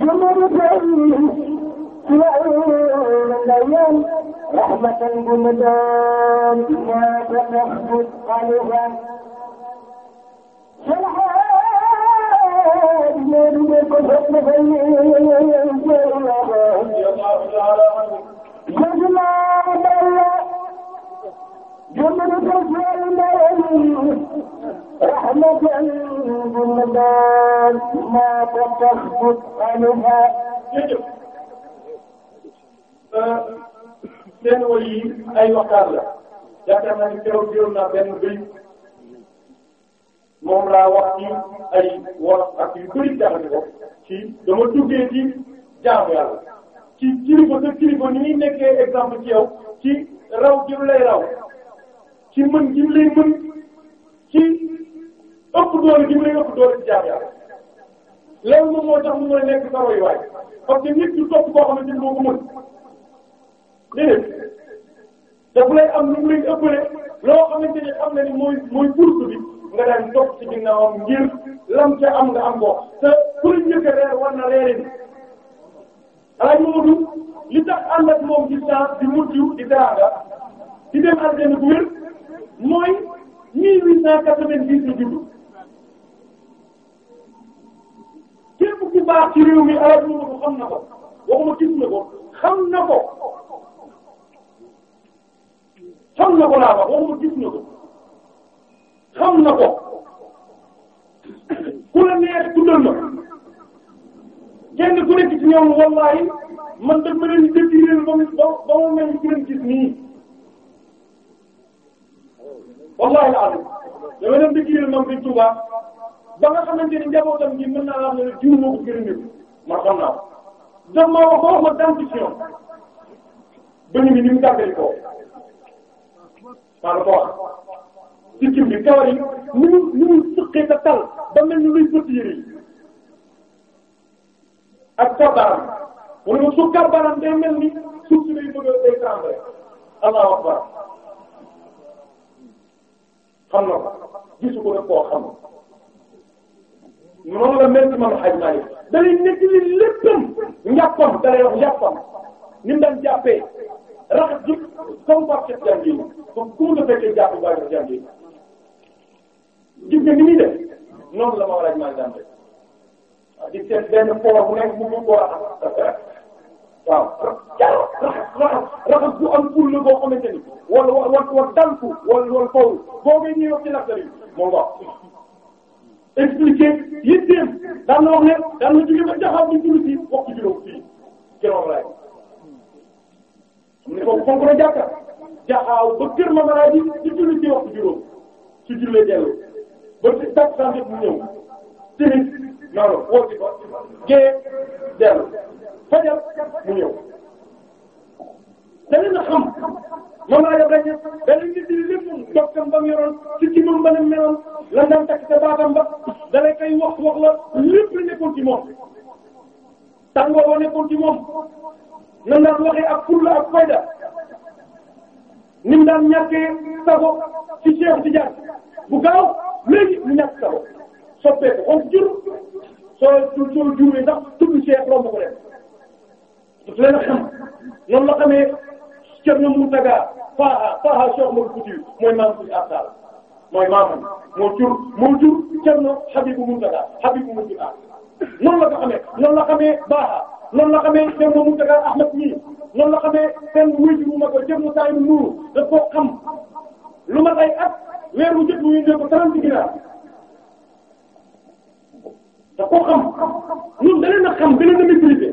رحمة البلدان ما تخبط قلبا شرحات من يتفق جملة جملة جملة رحمة بالبال ما تخفت عنها seen wàll yi ay waxtaan la yaakaar naa ni keroog jëloon naa benn bëy moom laa wax ci ay wolof ak yu bëri jaxase ko ci dama duggee ci jaamu yàlla ci kilifa sa kilifa ni muy nekkee exemple ci yow ci raw gi mu lay raw ci mën gi mu lay mën ci. ëpp doole ji mu lay ëpp doole ci jaam loolu moom moo tax mu mooy nekk sa royuwaay parce que nit du topp koo xamante ni moo ko mën déedéet te bu lay am lu mu lay ëppale loo xamante ni xam na ni mooy mooy course nga daan topp ci ginnaawam ngir lam ca am nga am ko te pour njëkk a reer war na reerin alaaj Mamadou li tax ànd ak moom distance di mujj di daraga di dem ànd ak bu wér mooy 1890 la judd. baax ci réew mi alal ñu xam na ko waxuma gis na ko xam na ko xam na ko laa wax waxuma gis na ko xam na ko ku la neex tuddal ma kenn ku nekk ci wallahi man daf ma leen détiré ba mu ba mu mel ni ku leen gis nii wallahi la am dama leen détiré moom Sëriñ Tuubaa ba nga xamante ni njabootam gi mën naa la am ne jiw moo ko gën xam naa ko. jox ma ba wax ma dentition bëñ bi ni mu tàmbali ko maa la ko wax. sikkim bi kawar yi ni mu ni ka tal ba mel ni luy bët yëre yi ak kabaram wala su kabaram mel ni suuf si day bëgg a day tremble allahu akbar xam na ko gisu ko rek koo xam noonu la mel ni Maam Xaaj Maalik da lay li léppam njàppam da lay wax njàppam jàppee raxas ji comme par chef jant yi comme ku mu la na jant yi gis nga ni muy def noonu la Maam Xaaj Maalik daan def di seet benn poor bu nekk bu mu ko raxas waaw raxas raxas raxas bu am ful la boo xamante ni wala wala wala dal fu wala wala fawul boo koy ñëw ci naqari moo ko expliqué yitteem daan na wax ne daan na jóge ba jaxaw bi julli ci waxtu juróom fii keroog laay xam ne foofu fonk na jàkka jaxaaw ba kër mamara ji di julli ci waxtu juróom su jullee dellu ba tak sant bu ñëw tamit noonu danañ la xam moom laa yoroon ñëpp danañ gis ni lépp doxam ba mu yoroon ci ci ba mu meloon lan daan takk sa ba dana koy wax wax la lépp la nekkoon ci moom. tàngoor wa nekkoon ci moom nan daan waxee ak fulla ak fayda ni mu daan ñàkkee sago ci Cheikh Tidiane bu gaaw léegi mu ñàkk sago soppeeku xonk soo soo juumee ndax tudd Cheikh romb ko leen a xam noonu la xamee Thierno Moutaga Faha Faha Cheikh Modou Fouti mooy maam suñu Abdal mooy maamam moo jur moo jur Thierno Habibou Moutaga Habibou Moutaga noonu la ko xamee noonu la xamee Baha noonu la xamee Thierno Moutaga Ahmed la xamee seen wéju bu mag Thierno Taïb Nour daf koo xam lu ma ay at weer wu jot xam ñun da xam da leen a maîtriser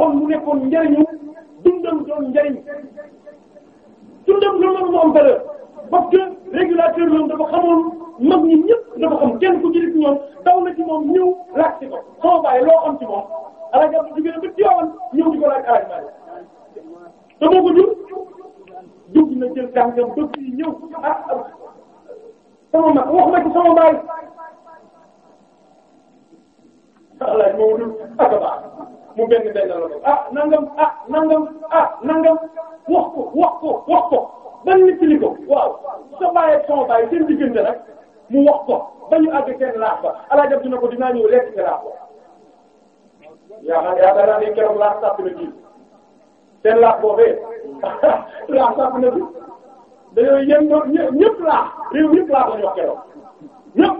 taxoon mu nekkoon njariñu naa ñëw lekk ca laax yaakaar yaakaar naa ne keroog laax sàpp na ji seen laax boobee laax sàpp na ji dañoo yem doon ñëpp laax réew ñëpp laax la ñu wax keroog ñëpp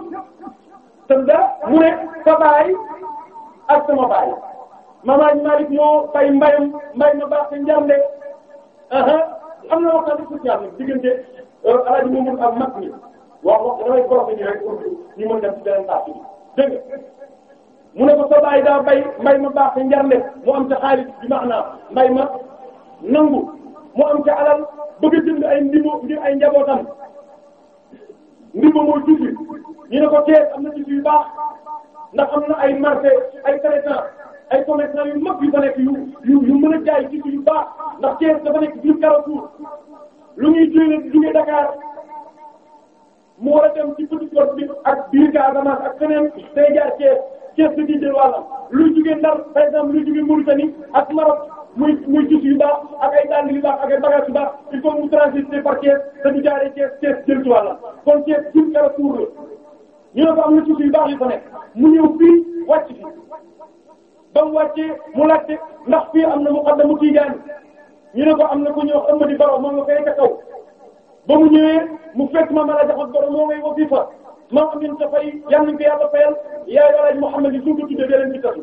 te da mu ne sa baay ak sama baay Mamadou Malick ñoo fay mbayam mbay ma baax te njànde am na waxtaan bi social bi diggante euh, alaaji Mamadou ak mag mi wax wax damay profité rek pour ñu mën dem ci beneen partie bi. dégg mu ne ko sa daa bay mbay ma baax ca njarnde mu am ca xaalis bi maanaam mbay ma nangu mu am ca alal bëgg a jënd ay ndimbo ngir ay njabootam ndimbo mooy tuuti ñu ne ko teel am na tuuti yu baax ndax am na ay marché ay traitant ay commerçant yu mag yu fa nekk yu yu mën a jaay tuuti yu baax ndax teel dafa nekk biir Carrefour lu ñuy jëlee jugee Dakar. mu war a dem ci petit côte bi ak biir Casamance ak feneen day jaar Thiès Thiès bi di jël luy jugee Ndar par exemple luy jugee Mauritanie ak Maroc muy muy gis yu baax ak ay tànn yu baax ak ay bagages yu baax il faut mu transiter par Thiès te du jaaree Thiès Thiès jël ci wàllam kon Thiès suñ kala pour la ñu ne ko am na suuf yu baax yu fa nekk mu ñëw fii wàcc fi ba mu wàccee mu laajte ndax fii am na mu xam ne mu kii gaañ ñu ne ko am na ku ñëw ëmb di baro ba mu ñëwee mu fekk ma mala jaxas borom moo ngay wasifa maam Aminata Faye yal nañu ko yàlla fayal yaay walaay Mouhamed yi suñ ko tuddee beneen bi tatu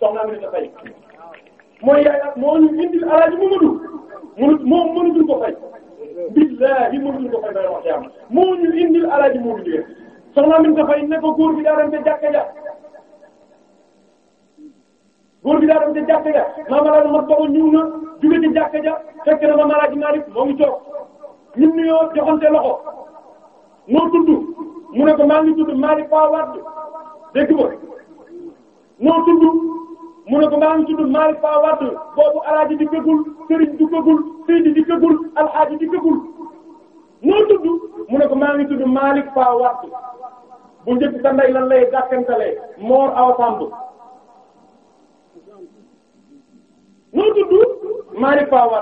soxna Aminata Faye mooy yaay moo ñu indil alaaji Mamadou mënut moom mënutul ko fay billahi mënutul ko fay may wax yàlla moo ñu indil alaaji Mamadou jigéen ko góor bi daa dem te jàkka ja góor bi daa dem te jàkka ja maam na jóge ci jàkka ja fekk ñu nuyoo joxante loxo noo tudd mu ne ko maa ngi tudd Malick Paa Wade dégg nga noo tudd mu ne ko maa ngi tudd Malick Paa Wade bu njëkk sa ndey lan lay gàkkantalee Mor Awa Samb noo tudd Malick Paa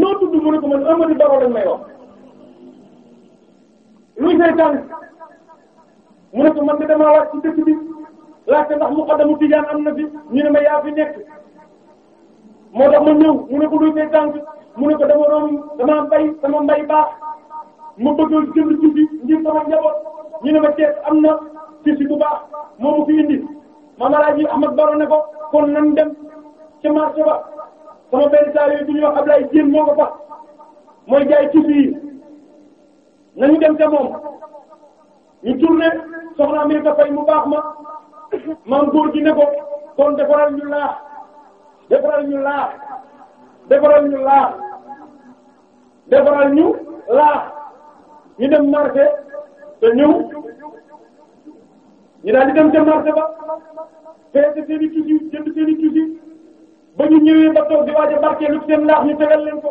noo tudd mu ne ko man Amady Baro lañ may muy seytaane mu ne man de damaa wàcc ci dëkk bi laajte ndax muqaddamu tijaan am na fi ñu ne ma yaa fi nekk moo tax ma ñëw mu ne ko luy seytaan bi mu ne ko dama doon dama mbay sama mbay baax ma bëggoon jënd ci bi sama njaboot ñu ne ma ceeb am na ci bu baax moo ma fi indi Mame Alaaji Ahmad Baro ne ko kon nan dem ca marché ba sama benn saa yooyu bu ñuy wax Ablaye moo ko fa mooy jaay ci bi nañu dem ca moom ñu tourné soxna Aminata Faye mu baax ma maam gi ne ko kon defaral ñu laax defaral ñu laax defaral ñu laax ñu dem marché te ñëw ñu daal di dem ca marché ba feete seen i tuuti jënd seen i ba ñu ñëwee ba toog di waaj a barkeelu seen laax ñu tegal leen ko.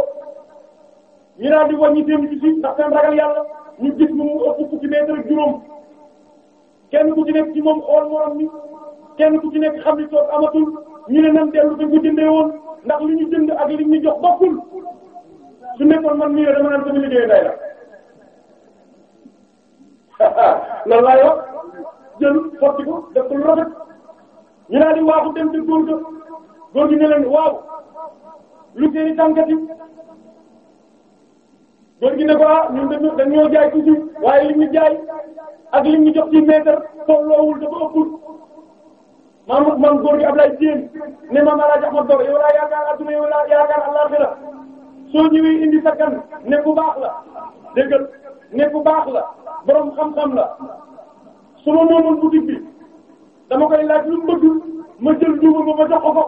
ñu daal di wàññi seen ci suuf ndax seen ragal yàlla ñu gis mu ëpp fukki mètre ak juróom kenn ku ci nekk ci moom xool morom ni kenn ku ci nekk xam ni toog amatul ñu ne nan woon ndax li ñu jënd ak li ñu jox bokkul su nekkoon man mii dama naan sama liggéey day la loolu laay jël sotti ko def ko lu rafet ñu daal di waaxu dem ci góor ga góor gi ne leen waaw lu seeni tànkati góor gi ne ko ah ñun dañoo dañoo jaay toujours waaye li ñu jaay ak li ñu jox ci mètre tolloowul dafa ëppul maam góor gi Ablaye Diène ne ma Malaji Ahmad Dobe yow laa yow laa yaakaar àllaxira soo ñëwee indi sa kan baax la déggal ne baax la borom xam-xam la su ma moomoon boutique bi dama koy laaj lu mu ma jël duuba ba ma jox ko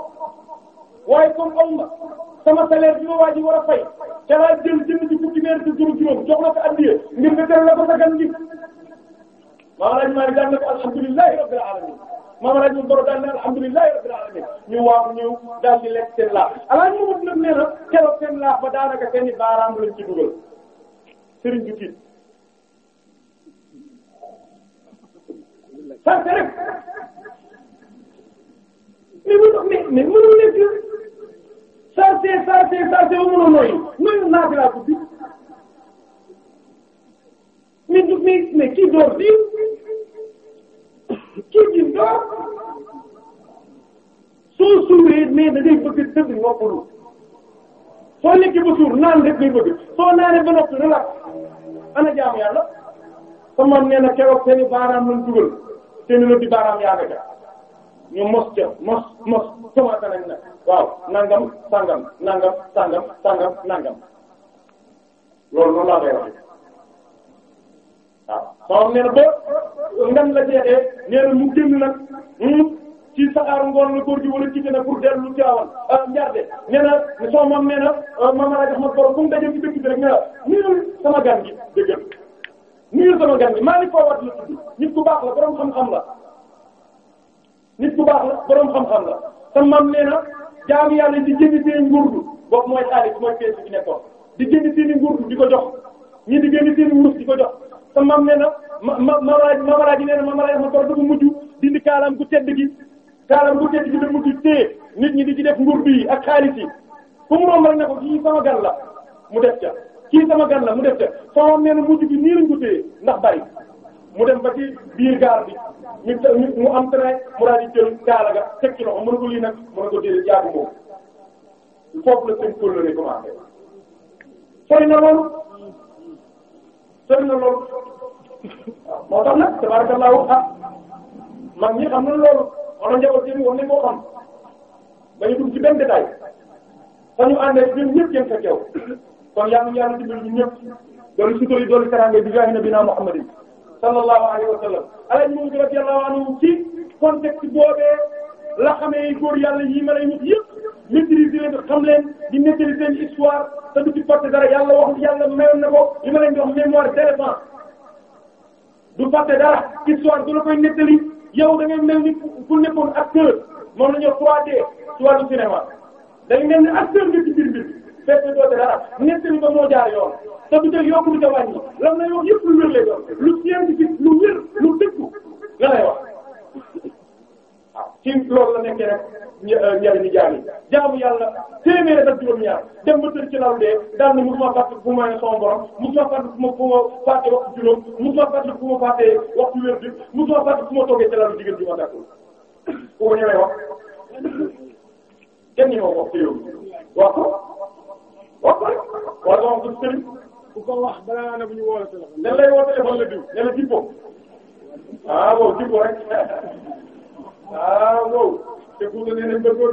waaye comme aw ma. sama salaire bi ma waa a fay te laa jël jënd ci fukki weer ci juróom jox la ko addiya ngir nga teral la ko sa gan laaj maa ngi na ko alhamdulilahi rabbil alamin maam laaj ma boro daan na alhamdulilahi rabbil alamin ñu waaw ñëw daal di lekk seen laax alaaj ma wut nag nee na keroog seen laax ba daanaka seen i baaraam lañ ci dugal sëriñ bi rek doo mën a noyyi noyyi naafila guddi mais du mais kii door diir kii di door soo suuree mais da ngay bëgg tëdd noppalu soo lekkee ba suur naan rek ngay bëgg soo naanee ba noppi relax ana jaamu yàlla sama nee na keroog seen i baaraam dugal seen i di baaraam yaa nga ñu mos ca mos mos commencé nañ nag waaw nangam sangam nangam sangam sangam nangam loolu noonu laa waaw sama nee na ba ngam la jeexee nee na mu génn nag hmm, ci saxaaru ngoon la góor gi wala ci na pour lu Tiwaawan ah, njaarde nee na soo mam nee na ah, mamara jox ma borom fu daje ci dëkk rek nee na sama gan gi dëggal nuyul sama gan gi maa foo wat la tudd nit ku baax la borom xam-xam la nit ku baax la borom xam-xam la te maam nee na jaamu yàlla di jënd seen nguurdu boobu mooy xaalis mooy fees bi nekkoon di jënd seen nguurdu di ko jox ñii di jënd seen wurus di ko jox te maam nee na ma ma mamaraay ji nee na mamaraay ma borom dafa mujj dindi kaalaam gu tedd gi kaalaam gu tedd gi da mujj téye nit ñi di ci def nguurdu yi ak xaalis yi fu mu romb rek ne ko kii sama gan la mu def ca kii sama gan la mu def ca foo xam ne mujj gi nii ko téye ndax bari mu dem ba ci biir gaar bi nit nit mu am train mu daal di jël gaal ga teg ci loxo mën ko lii nag na loolu sori na loolu moo tax nag tabarakallahu ah mag ñi xam na loolu wala yi war nañ koo xam dañu dugg ci benn détail fa ñu àndee ñun ñëpp jëm sa teew kon yaa ngi yàlla dimbali ñun ñëpp doolu sutura yi doolu teraanga bi jaahina bi naa Muhammadin sallallahu alayhi wa sallam alaj moom jërat yàlla anhu ci contexte boobee la xamee góor yàlla yi ma lay wut yëpp maîtriser leen xam leen di maîtriser seen histoire te du ci fàtte dara yàlla wax yàlla mayoon na ko li ma leen di wax mémoire d'éléphant du fàtte dara histoire du la koy nettali yow da ngay mel ni ku nekkoon acteur moom la ñuy 3D ci wàllu cinéma da mel ni acteur nga ci biir mbir fekk doo ci dara nettali ba moo jaar yoon te du jël yokku te wàññi lan lay wax yëpp lu wér lay doon lu scientifique lu wér lu dëggu la lay wax waaw ah, ci loolu la nekkee rek euh, njariñu jaam yi jaamu yàlla téeméer ak juróom-ñaar dem ba tër ci law dee daal ne mosuma fàtte bu ma son borom mosuma fàtte fu ma fu ma fàtte waxtu juróom mosuma fàtte fu ma fàtte waxtu wér bi mosuma fàtte fu ma toogee ci lalu jigéen ju ma tàkkul ku ko ñëwee wax kenn ñëwoo wax ci yow wax ko wax ko wax ko sëriñ ku ko wax balaa naa ne bu ñu woo la téléphone lan lay woo téléphone la diw ne la jippo ah wow jippo rek ah wow te ku ne ne ba góor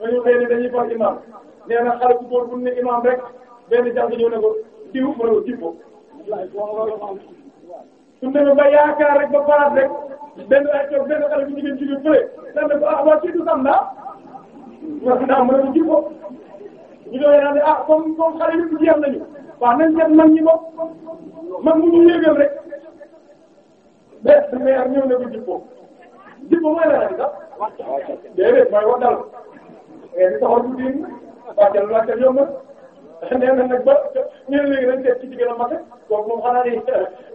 dañu leen dañuy far imam nee na xale bu góor bu ne imam rek benn jàng ñëw ne ko diw ma ne ko jippo su ne ba yaakaar rek ba farat rek benn ay toog benn xale bu jigéen jigéen fële lan ne ko ah waa ci du sam naa ma naa ma ne ko jippo ñu doon naan ah comme comme xale yu jeex nañu waaw nañ seet mag ñi bopp mag mu ñu yéegal rek bés bu meer ñëw na ko jubbo jubbo mooy la rek sax ah. déedéet mooy wax dal ngeen eh, di taxaw tuuti wàccal wàccal yomb na nee na nag ba ñu ne léegi dañ seet ci jigéen a mate kooku moom xanaa ni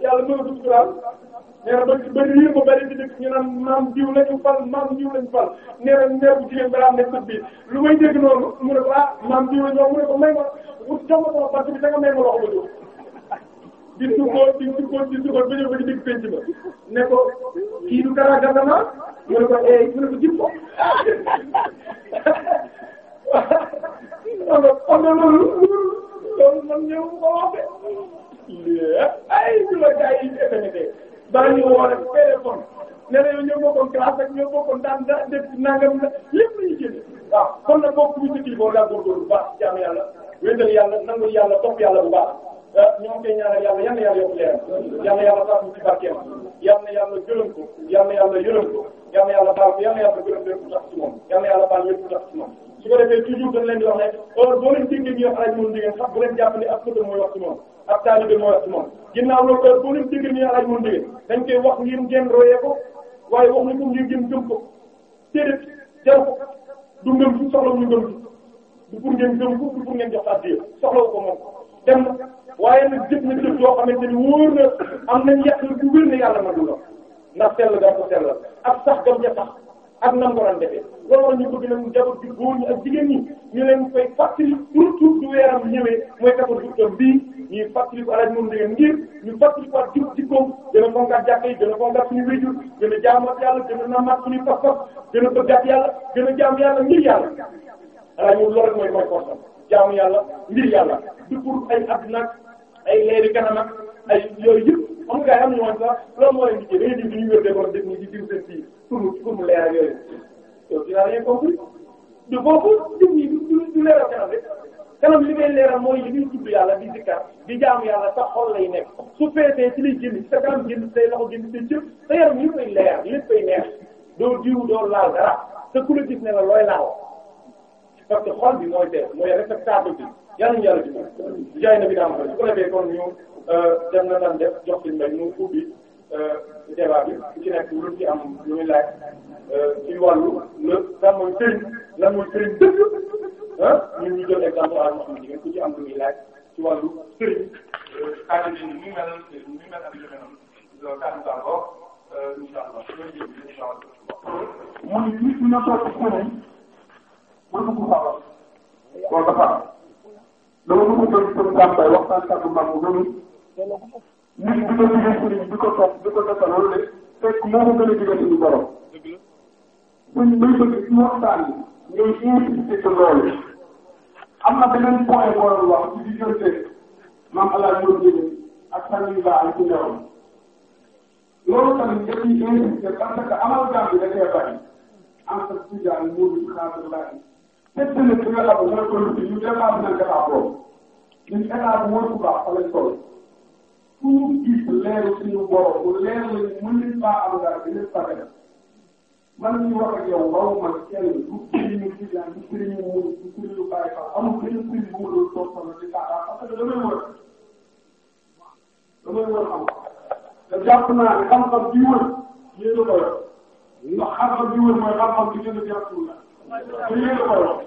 yàlla mën na dugg ci daal nee na ba ba riir ba bëri di dëkk ñu naan maam diw lañu fal maam diw lañu fal nee na nee bu jigéen balaa nekk bi lu may dégg noonu mu ne ko ah maam diw lañu wax mu ne ko may ma wut jox ma sama bant bi da nga may ma loxo ba jóg di sukkoon di sukkoon di sukkoon ba ñëw ba di dégg penc ba ne ko kii du dara gànnaaw mu ne ko eh mu ne ko jib ko xam nga xam nga loolu loolu man ñëw ko wax de ay ñu la gars yi FND baa ñu woo rek téléphone ne la yow ñoo bokkoon classe ak ñoo bokkoon daan daan def nangam na lépp lu ñu jëlee waaw kon nag bokk bu njëkk yi boo daa góorgóorlu bu baax jaamu yàlla wéetal yàlla nangu yàlla topp yàlla bu baax ñoo ngi koy ñaanal yàlla yal na yàlla yokk leer yal na yàlla sax mu ci barkeem yal na yàlla gërëm ko yal na yàlla yërëm ko yal na yàlla baal ko yal na yàlla gërëm lépp tax ci moom yal na yàlla baal lépp tax ci moom su ko defee toujours dañ leen di wax rek or boo leen déggee ñuy wax alaaj moom jigéen sax bu leen jàpp ni ab sëta mooy wax ci moom ab taalibe mooy wax moom ginnaaw loolu heure boo moom jigéen dañ koy wax waaye wax ni ko ngir ngeen gëm ko téedéet jar ko du ngëm ñu du pour ngeen gëm ko jox addiya soxlaw ko moom dem na waaye nag jëf na jëf yoo xamante ni wóor na am nañ yàq na bu wér ne yàlla ma du la ndax sell gaa ko sellal ak sax gam ña sax ak nam ko doon defee loolu ñu bëgg nag jabar bi góor ñi ak jigéen ñi ñu leen koy fàttali surtout du weeram ñëwee mooy kafadutam bii ñuy fàttali ko alaj moom ndegeen ngir ñu fàttali ko ak jub jikkoom gën a fonkaat jàkka yi gën a fonkaat suñu wéjur gën a jaamat yàlla gën a namaat suñu pas-pas gën a bëggaat yàlla gën a jaam yàlla ngir yàlla alaj moom loolu mooy mooy fortam jaamu yàlla ngir yàlla du pour ay adduna ay leeri kanam ak ay yooyu lan mooy sax lan mooy liggéey da ngay dégg ñu wér décor def ni ci biir seen biir pour pour mu leeral yooyu yow tu n'as rien compris du boobu nit ñi du du leeral kanam rek kanam li ngay leeral mooy li ngay tudd yàlla di zikkar di jaamu yàlla sa xol lay nekk su feesee ci lay génn sa kanam génn say loxo génn say cër sa yaram yëpp ay leer lépp ay neex doo diw doo laal dara te ku la gis ne la looy laal parce que xol bi mooy teel mooy réceptacle bi yàlla ñu yàlla ci moom jaay na bi daa ma ko su ko defee kon ñu. Euh, dem na tam def jox ci mbéy mu ubbi euh, débat bi ku ci nekk lu ci am lu muy laaj euh, ci wàllu la lan mooy sëriñ lan mooy sëriñ dëgg ah ñun ñu jël exemple al Mouhamed jigéen ku ci am lu muy laaj ci wàllu sëriñ. xaaral ñu ngi mel ñu mel ak yu mel noonu kàddu gi àll ba incha allah mooy nit ñi nga toog ci sëriñ ba dugg xabar loolu dafa am loolu dafa doon sëriñ Samba waxtaan kàddu mag bu nit di ko digal sëriñ di ko topp di ko defal wala de fekk moo ko gën a digal suñu borom. buñ may bëgg ci waxtaan bi ngay insister ci loolu. am na beneen point boo doon wax ci diggante maam El Hadj Modou Ndiaye ak Sani Ba ak Ndiaye loolu tamit nga ciy insister parce que amal gàmm da cee bari entre Tidjane Modou Xaadir Laay. teg tamit bi nga xam ne mooy producteur ñu dépassé nañ état boobu ñun état bi mooy ku baax fa lañ toll. ku ñu gis leeru suñu borom bu leer lañu mën faa am dara bi lépp pare la man ñu wax ak yow waru ma kenn du sëriñu Tijaan du sëriñu Murid du sëriñu Baay Faal amul benn sëriñ bu ma doon toog sama di taataa parce que damay wër damay wër xam te jàpp naa ne xam-xam bi wër yéen a koy wax ndax xam-xam bi wër mooy xam-xam bi gën a jàppul la te yéen a koy wax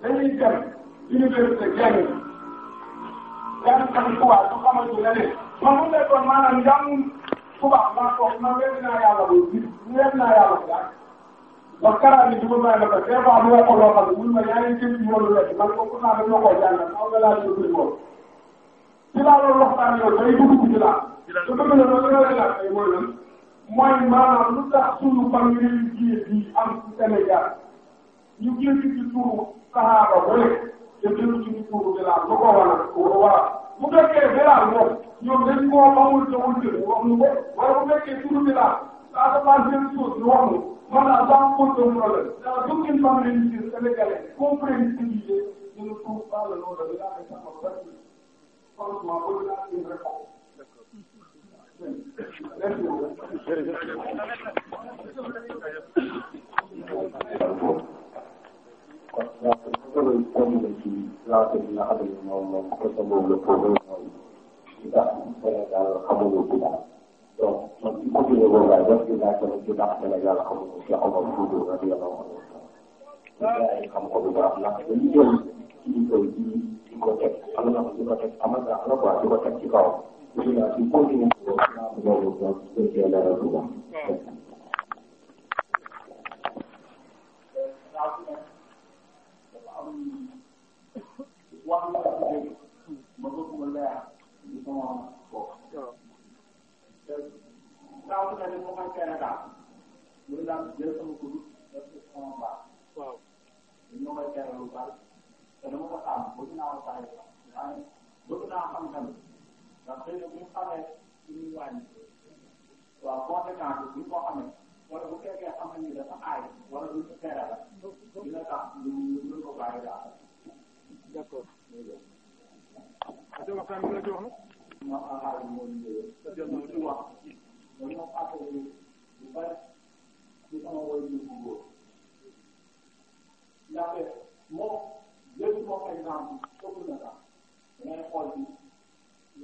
dañuy dem université jàng jàng tamit tubaab ñu xamal ñu ne leen man bu fekkoon maanaam njàngum tubaab maa ko man wér naa yàlla bu bi wér naa yàlla bu baax ndax karaat bi dugub naa la ko des fois mu wax ko loo xam ne mun na yaa ngi jëm ci yoonu wet man ko pourtant dañoo koo jàngal maa ngi laa jëm ci moom ci laa loolu waxtaan yow day dugg ci laa su dëgg la loolu la la ay mooy lan mooy maanaam lu tax suñu ban religieux bi am ci Sénégal ñu jël ci turu sahaaba wala te jël ci bilaal lu ko waral waral bu fekkee bilaal moom ñoom dañ koo xamul te wul jël wax nu ko wala bu fekkee turu bilaal ça se passe même chose ñu wax nu man la sans cause de problème dans aucune famille religieuse sénégalaise compris religieux je ne trouve pas le nom de bilaal et ça me perturbe franchement bëgg naa une réponse Thank you. loolu comme ni ci lancé bi nga xam ne moom moom question boobu la posé mooy li tax Sénégal xamuñu ko daal donc man ci côté boobu laay def di laaj tamit li tax Sénégal xamuñu ko Cheikh Omar Foutiyou radiyallahu anhu gars yi xam ko bu baax ndax dañu jël ci koy ci ci ko teg am na di ko teg amal na la quoi di ko teg ci kawam. léegi nag ñu continuer loolu donc c'est leeral bu baax. wax la ko dégg ma bëgg mu leer ci sama bopp te saa su ne mu may tere daal muy daal jël sama kudu def ci sama baax waaw ñu may tere lu bari te dama ko xam bëgg naa ko bàyyi waaye bëgg naa xam tamit ndax xëy na bu ñu xamee suñuy wàññi waaw conséquence bi ñu ko xamee wala bu fekkee xamal ni dafa aay wala lu ci tere la dina tax lu lu ko bàyyi daal. d'accord. waaw waxtaan bi nga ci wax nag. moom alhamdulilah moom jërëjëf ci wax. moom moom affaire bi bu bari ci sama woy ñu bu góor. ndaxte moom jëli moom exemple ëpp na sax. dangay xool bi.